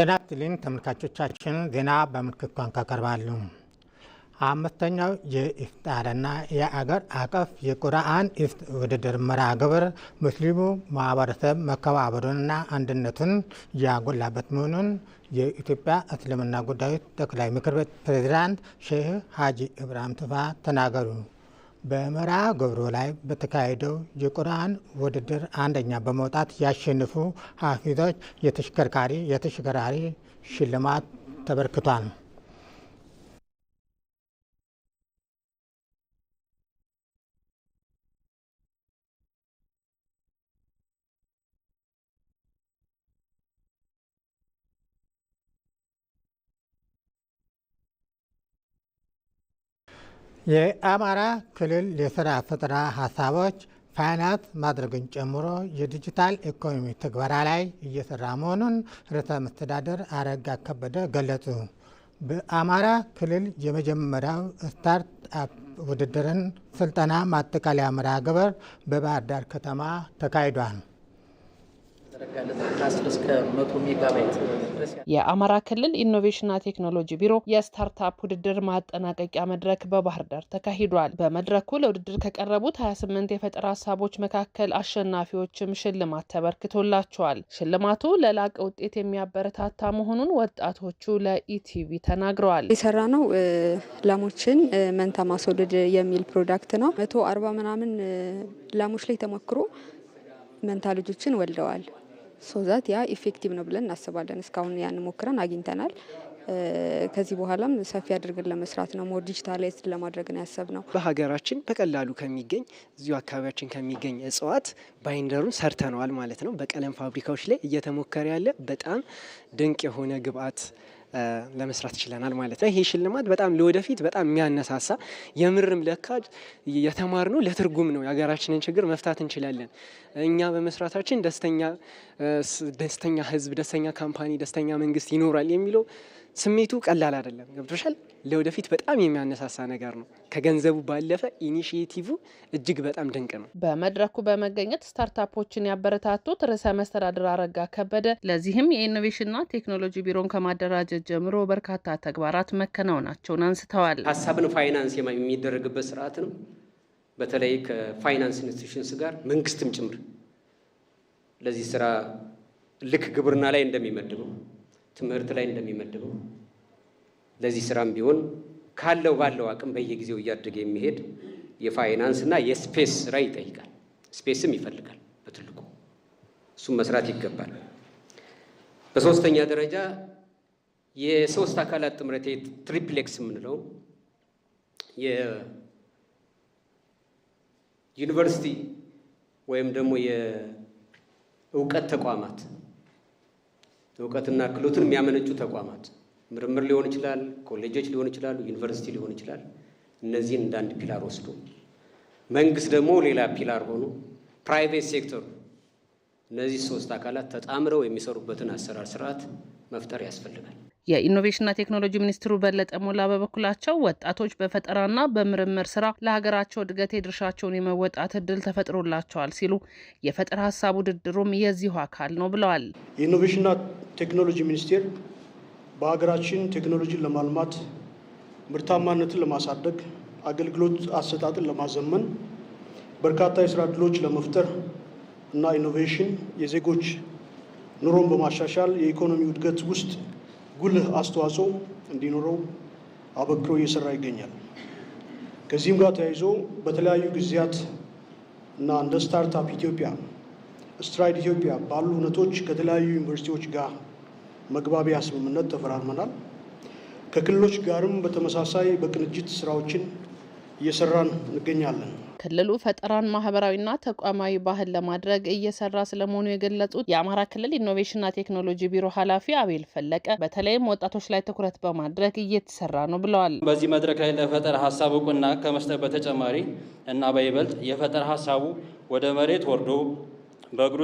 ጤና ይስጥልኝ ተመልካቾቻችን፣ ዜና በምልክት ቋንቋ ቀርባሉ። አምስተኛው የኢፍጣርና የአገር አቀፍ የቁርአን ኢፍት ውድድር መርሃ ግብር ሙስሊሙ ማህበረሰብ መከባበሩንና አንድነቱን ያጎላበት መሆኑን የኢትዮጵያ እስልምና ጉዳዮች ጠቅላይ ምክር ቤት ፕሬዚዳንት ሼህ ሀጂ ኢብራሂም ቱፋ ተናገሩ። በመርሃ ግብሩ ላይ በተካሄደው የቁርአን ውድድር አንደኛ በመውጣት ያሸንፉ ሀፊዞች የተሽከርካሪ የተሽከርካሪ ሽልማት ተበርክቷል። የአማራ ክልል የስራ ፈጠራ ሀሳቦች ፋይናንስ ማድረግን ጨምሮ የዲጂታል ኢኮኖሚ ትግበራ ላይ እየሰራ መሆኑን ርዕሰ መስተዳደር አረጋ ከበደ ገለጹ። በአማራ ክልል የመጀመሪያው ስታርት አፕ ውድድርን ስልጠና ማጠቃለያ መርሃ ግብር በባህር ዳር ከተማ ተካሂዷል። የአማራ ክልል ኢኖቬሽንና ቴክኖሎጂ ቢሮ የስታርታፕ ውድድር ማጠናቀቂያ መድረክ በባህር ዳር ተካሂዷል። በመድረኩ ለውድድር ከቀረቡት 28 የፈጠራ ሀሳቦች መካከል አሸናፊዎችም ሽልማት ተበርክቶላቸዋል። ሽልማቱ ለላቀ ውጤት የሚያበረታታ መሆኑን ወጣቶቹ ለኢቲቪ ተናግረዋል። የሰራ ነው ላሞችን መንታ ማስወለድ የሚል ፕሮዳክት ነው። መቶ አርባ ምናምን ላሞች ላይ ተሞክሮ መንታ ልጆችን ወልደዋል። ሶዛት ያ ኢፌክቲቭ ነው ብለን እናስባለን። እስካሁን ያን ሞክረን አግኝተናል። ከዚህ በኋላም ሰፊ አድርገን ለመስራት ነው፣ ሞር ዲጂታላይዝድ ለማድረግ ነው ያሰብነው። በሀገራችን በቀላሉ ከሚገኝ እዚሁ አካባቢያችን ከሚገኝ እጽዋት ባይንደሩን ሰርተነዋል ማለት ነው። በቀለም ፋብሪካዎች ላይ እየተሞከረ ያለ በጣም ድንቅ የሆነ ግብአት ለመስራት ችለናል ማለት ነው። ይሄ ሽልማት በጣም ለወደፊት በጣም የሚያነሳሳ የምርም ለካ የተማርነው ለትርጉም ነው። የሀገራችንን ችግር መፍታት እንችላለን እኛ በመስራታችን ደስተኛ ደስተኛ ህዝብ፣ ደስተኛ ካምፓኒ፣ ደስተኛ መንግስት ይኖራል የሚለው ስሜቱ ቀላል አይደለም። ገብቶሻል? ለወደፊት በጣም የሚያነሳሳ ነገር ነው። ከገንዘቡ ባለፈ ኢኒሽቲቭ እጅግ በጣም ድንቅ ነው። በመድረኩ በመገኘት ስታርታፖችን ያበረታቱት ርዕሰ መስተዳድር አረጋ ከበደ ለዚህም የኢኖቬሽንና ቴክኖሎጂ ቢሮን ከማደራጀት ጀምሮ በርካታ ተግባራት መከናወናቸውን አንስተዋል። ሀሳብን ፋይናንስ የሚደረግበት ስርዓት ነው። በተለይ ከፋይናንስ ኢንስቲቱሽንስ ጋር መንግስትም ጭምር ለዚህ ስራ ልክ ግብርና ላይ እንደሚመድበው ትምህርት ላይ እንደሚመድበው ለዚህ ስራም ቢሆን ካለው ባለው አቅም በየጊዜው እያደገ የሚሄድ የፋይናንስ እና የስፔስ ስራ ይጠይቃል። ስፔስም ይፈልጋል በትልቁ እሱም መስራት ይገባል። በሶስተኛ ደረጃ የሶስት አካላት ጥምረት ትሪፕሌክስ የምንለው የዩኒቨርሲቲ ወይም ደግሞ የእውቀት ተቋማት እውቀትና ክህሎትን የሚያመነጩ ተቋማት ምርምር ሊሆን ይችላል፣ ኮሌጆች ሊሆን ይችላሉ፣ ዩኒቨርሲቲ ሊሆን ይችላል። እነዚህን እንደ አንድ ፒላር ወስዶ መንግስት ደግሞ ሌላ ፒላር ሆኖ ፕራይቬት ሴክተሩ እነዚህ ሶስት አካላት ተጣምረው የሚሰሩበትን አሰራር ስርዓት መፍጠር ያስፈልጋል። የኢኖቬሽንና ቴክኖሎጂ ሚኒስትሩ በለጠ ሞላ በበኩላቸው ወጣቶች በፈጠራና በምርምር ስራ ለሀገራቸው እድገት የድርሻቸውን የመወጣት እድል ተፈጥሮላቸዋል ሲሉ የፈጠራ ሀሳብ ውድድሩም የዚሁ አካል ነው ብለዋል። የኢኖቬሽንና ቴክኖሎጂ ሚኒስቴር በሀገራችን ቴክኖሎጂን ለማልማት ምርታማነትን ለማሳደግ አገልግሎት አሰጣጥን ለማዘመን በርካታ የስራ እድሎች ለመፍጠር እና ኢኖቬሽን የዜጎች ኑሮን በማሻሻል የኢኮኖሚ እድገት ውስጥ ጉልህ አስተዋጽኦ እንዲኖረው አበክሮ እየሰራ ይገኛል። ከዚህም ጋር ተያይዞ በተለያዩ ጊዜያት እና እንደ ስታርታፕ ኢትዮጵያ፣ ስትራይድ ኢትዮጵያ ባሉ እውነቶች ከተለያዩ ዩኒቨርሲቲዎች ጋር መግባቢያ ስምምነት ተፈራርመናል። ከክልሎች ጋርም በተመሳሳይ በቅንጅት ስራዎችን እየሰራን እንገኛለን። ክልሉ ፈጠራን ማህበራዊና ተቋማዊ ባህል ለማድረግ እየሰራ ስለመሆኑ የገለጹት የአማራ ክልል ኢኖቬሽንና ቴክኖሎጂ ቢሮ ኃላፊ አቤል ፈለቀ በተለይም ወጣቶች ላይ ትኩረት በማድረግ እየተሰራ ነው ብለዋል። በዚህ መድረክ ላይ ለፈጠራ ሀሳብ እውቅና ከመስጠት በተጨማሪ እና በይበልጥ የፈጠራ ሀሳቡ ወደ መሬት ወርዶ በእግሩ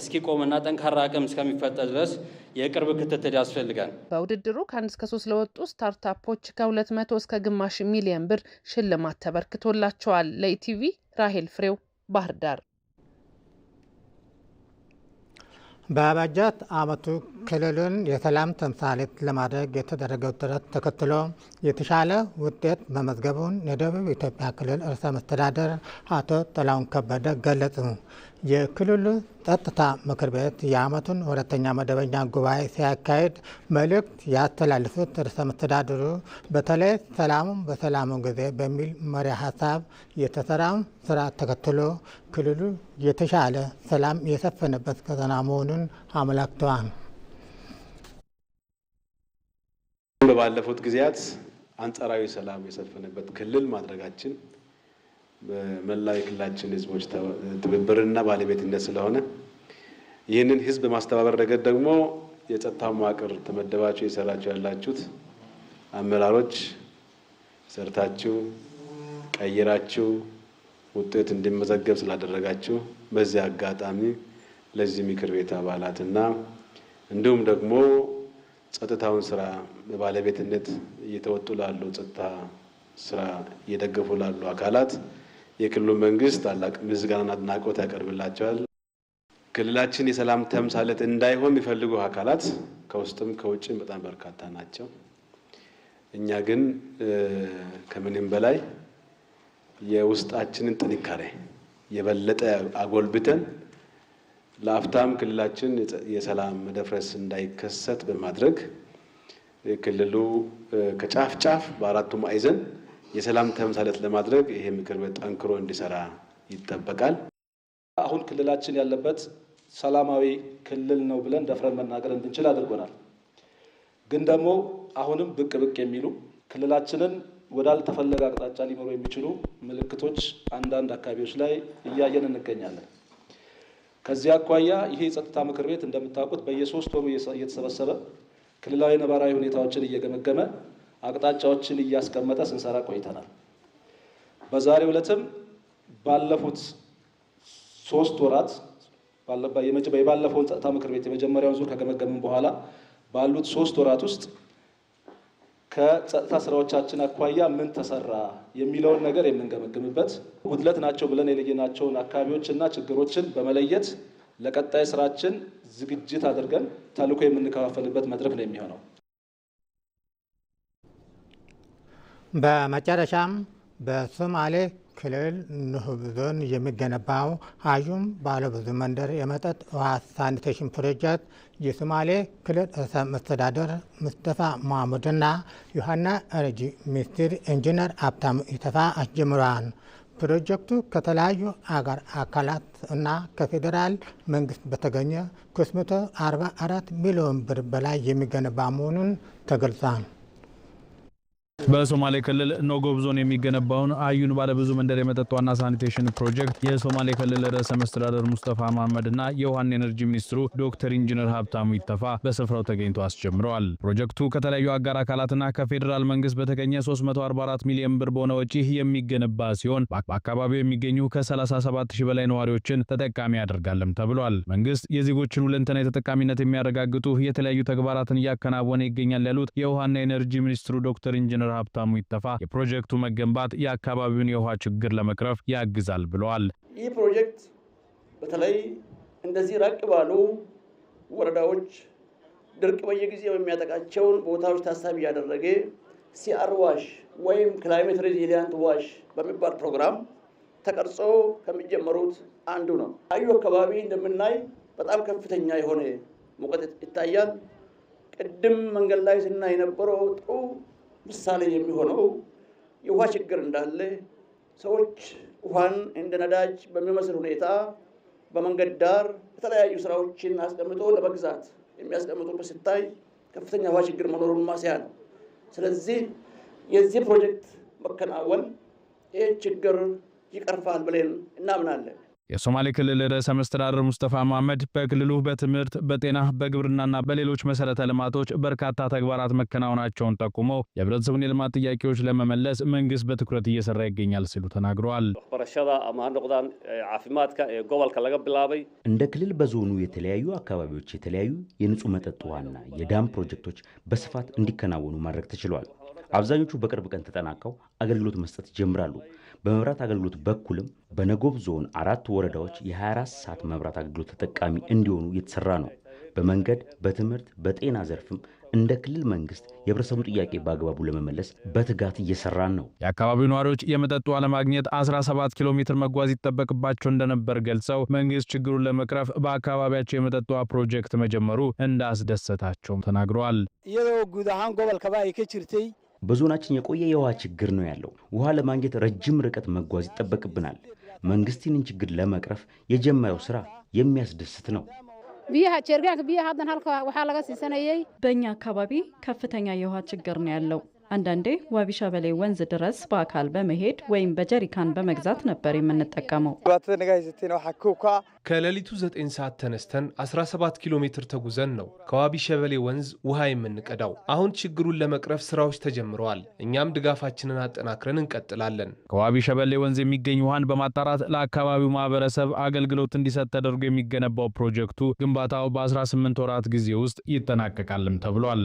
እስኪቆምና ጠንካራ አቅም እስከሚፈጠር ድረስ የቅርብ ክትትል ያስፈልጋል። በውድድሩ ከአንድ እስከ ሶስት ለወጡ ስታርታፖች ከሁለት መቶ እስከ ግማሽ ሚሊየን ብር ሽልማት ተበርክቶላቸዋል። ለኢቲቪ ራሄል ፍሬው ባህር ዳር። በአባጃት አመቱ ክልሉን የሰላም ተምሳሌት ለማድረግ የተደረገው ጥረት ተከትሎ የተሻለ ውጤት መመዝገቡን የደቡብ ኢትዮጵያ ክልል ርዕሰ መስተዳደር አቶ ጥላሁን ከበደ ገለጹ። የክልሉ ጸጥታ ምክር ቤት የዓመቱን ሁለተኛ መደበኛ ጉባኤ ሲያካሄድ መልእክት ያስተላልፉት ርዕሰ መስተዳድሩ በተለይ ሰላሙ በሰላሙ ጊዜ በሚል መሪ ሀሳብ የተሰራ ስራ ተከትሎ ክልሉ የተሻለ ሰላም የሰፈነበት ቀጠና መሆኑን አመላክተዋል። በባለፉት ጊዜያት አንጻራዊ ሰላም የሰፈነበት ክልል ማድረጋችን በመላው የክልላችን ህዝቦች ትብብርና ባለቤትነት ስለሆነ ይህንን ህዝብ በማስተባበር ረገድ ደግሞ የጸጥታ መዋቅር ተመደባችሁ የሰራችሁ ያላችሁት አመራሮች ሰርታችሁ ቀይራችሁ ውጤት እንዲመዘገብ ስላደረጋችሁ በዚህ አጋጣሚ ለዚህ ምክር ቤት አባላትና እንዲሁም ደግሞ ጸጥታውን ስራ በባለቤትነት እየተወጡ ላሉ ጸጥታ ስራ እየደገፉ ላሉ አካላት የክልሉ መንግስት ታላቅ ምስጋናና አድናቆት ያቀርብላቸዋል። ክልላችን የሰላም ተምሳሌት እንዳይሆን የሚፈልጉ አካላት ከውስጥም ከውጭም በጣም በርካታ ናቸው። እኛ ግን ከምንም በላይ የውስጣችንን ጥንካሬ የበለጠ አጎልብተን ለአፍታም ክልላችን የሰላም መደፍረስ እንዳይከሰት በማድረግ ክልሉ ከጫፍ ጫፍ በአራቱ ማዕዘን የሰላም ተምሳሌት ለማድረግ ይሄ ምክር ቤት ጠንክሮ እንዲሰራ ይጠበቃል። አሁን ክልላችን ያለበት ሰላማዊ ክልል ነው ብለን ደፍረን መናገር እንድንችል አድርጎናል። ግን ደግሞ አሁንም ብቅ ብቅ የሚሉ ክልላችንን ወዳልተፈለገ አቅጣጫ ሊመሩ የሚችሉ ምልክቶች አንዳንድ አካባቢዎች ላይ እያየን እንገኛለን። ከዚህ አኳያ ይሄ የጸጥታ ምክር ቤት እንደምታውቁት በየሶስት ወሩ እየተሰበሰበ ክልላዊ ነባራዊ ሁኔታዎችን እየገመገመ አቅጣጫዎችን እያስቀመጠ ስንሰራ ቆይተናል። በዛሬው ዕለትም ባለፉት ሶስት ወራት የባለፈውን ጸጥታ ምክር ቤት የመጀመሪያውን ዙር ከገመገምን በኋላ ባሉት ሶስት ወራት ውስጥ ከጸጥታ ስራዎቻችን አኳያ ምን ተሰራ የሚለውን ነገር የምንገመግምበት ጉድለት ናቸው ብለን የለየናቸውን እና ችግሮችን በመለየት ለቀጣይ ስራችን ዝግጅት አድርገን ተልዕኮ የምንከፋፈልበት መድረክ ነው የሚሆነው። በመጨረሻም በሶማሌ ክልል ንሁብ ዞን የሚገነባው አዩም ባለብዙ መንደር የመጠጥ ውሃ ሳኒቴሽን ፕሮጀክት የሶማሌ ክልል ርዕሰ መስተዳደር ሙስጠፋ መሐሙድና የውሃና ኤነርጂ ሚኒስትር ኢንጂነር ሀብታሙ ኢተፋ አስጀምረዋል። ፕሮጀክቱ ከተለያዩ አገር አካላት እና ከፌዴራል መንግስት በተገኘ 44 ሚሊዮን ብር በላይ የሚገነባ መሆኑን ተገልጿል። በሶማሌ ክልል ኖጎብ ዞን የሚገነባውን አዩን ባለብዙ መንደር የመጠጥ ዋና ሳኒቴሽን ፕሮጀክት የሶማሌ ክልል ርዕሰ መስተዳደር ሙስጠፋ መሐመድ እና የውሃና ኤነርጂ ሚኒስትሩ ዶክተር ኢንጂነር ሀብታሙ ይተፋ በስፍራው ተገኝቶ አስጀምረዋል። ፕሮጀክቱ ከተለያዩ አጋር አካላትና ከፌዴራል መንግስት በተገኘ 344 ሚሊዮን ብር በሆነ ወጪ የሚገነባ ሲሆን በአካባቢው የሚገኙ ከ37000 በላይ ነዋሪዎችን ተጠቃሚ ያደርጋልም ተብሏል። መንግስት የዜጎችን ሁለንተና የተጠቃሚነት የሚያረጋግጡ የተለያዩ ተግባራትን እያከናወነ ይገኛል ያሉት የውሃና ኤነርጂ ሚኒስትሩ ዶክተር ኢንጂነር ኢንጂነር ሀብታሙ ይተፋ የፕሮጀክቱ መገንባት የአካባቢውን የውሃ ችግር ለመቅረፍ ያግዛል ብለዋል። ይህ ፕሮጀክት በተለይ እንደዚህ ራቅ ባሉ ወረዳዎች ድርቅ በየጊዜው የሚያጠቃቸውን ቦታዎች ታሳቢ ያደረገ ሲአር ዋሽ ወይም ክላይሜት ሬዚሊያንት ዋሽ በሚባል ፕሮግራም ተቀርጾ ከሚጀመሩት አንዱ ነው። አዩ አካባቢ እንደምናይ በጣም ከፍተኛ የሆነ ሙቀት ይታያል። ቅድም መንገድ ላይ ስናይ የነበረው ጥሩ ምሳሌ የሚሆነው የውሃ ችግር እንዳለ ሰዎች ውሃን እንደ ነዳጅ በሚመስል ሁኔታ በመንገድ ዳር የተለያዩ ስራዎችን አስቀምጦ ለመግዛት የሚያስቀምጡበት ሲታይ ከፍተኛ ውሃ ችግር መኖሩን ማስያ ነው። ስለዚህ የዚህ ፕሮጀክት መከናወን ይህ ችግር ይቀርፋል ብለን እናምናለን። የሶማሌ ክልል ርዕሰ መስተዳድር ሙስጠፋ መሐመድ በክልሉ በትምህርት፣ በጤና፣ በግብርናና በሌሎች መሰረተ ልማቶች በርካታ ተግባራት መከናወናቸውን ጠቁመው የህብረተሰቡን የልማት ጥያቄዎች ለመመለስ መንግስት በትኩረት እየሰራ ይገኛል ሲሉ ተናግረዋል። እንደ ክልል በዞኑ የተለያዩ አካባቢዎች የተለያዩ የንጹህ መጠጥ ውሃና የዳም ፕሮጀክቶች በስፋት እንዲከናወኑ ማድረግ ተችሏል። አብዛኞቹ በቅርብ ቀን ተጠናቀው አገልግሎት መስጠት ይጀምራሉ። በመብራት አገልግሎት በኩልም በነጎብ ዞን አራት ወረዳዎች የ24 ሰዓት መብራት አገልግሎት ተጠቃሚ እንዲሆኑ እየተሰራ ነው። በመንገድ፣ በትምህርት፣ በጤና ዘርፍም እንደ ክልል መንግስት የህብረተሰቡን ጥያቄ በአግባቡ ለመመለስ በትጋት እየሰራን ነው። የአካባቢው ነዋሪዎች የመጠጥ ውሃ ለማግኘት 17 ኪሎ ሜትር መጓዝ ይጠበቅባቸው እንደነበር ገልጸው መንግስት ችግሩን ለመቅረፍ በአካባቢያቸው የመጠጥ ውሃ ፕሮጀክት መጀመሩ እንዳስደሰታቸውም ተናግረዋል። በዞናችን የቆየ የውሃ ችግር ነው ያለው። ውሃ ለማግኘት ረጅም ርቀት መጓዝ ይጠበቅብናል። መንግስት ችግር ለመቅረፍ የጀመረው ስራ የሚያስደስት ነው። በእኛ አካባቢ ከፍተኛ የውሃ ችግር ነው ያለው። አንዳንዴ ዋቢ ሸበሌ ወንዝ ድረስ በአካል በመሄድ ወይም በጀሪካን በመግዛት ነበር የምንጠቀመው። ከሌሊቱ 9 ሰዓት ተነስተን 17 ኪሎ ሜትር ተጉዘን ነው ከዋቢ ሸበሌ ወንዝ ውሃ የምንቀዳው። አሁን ችግሩን ለመቅረፍ ስራዎች ተጀምረዋል። እኛም ድጋፋችንን አጠናክረን እንቀጥላለን። ከዋቢ ሸበሌ ወንዝ የሚገኝ ውሃን በማጣራት ለአካባቢው ማህበረሰብ አገልግሎት እንዲሰጥ ተደርጎ የሚገነባው ፕሮጀክቱ ግንባታው በ18 ወራት ጊዜ ውስጥ ይጠናቀቃልም ተብሏል።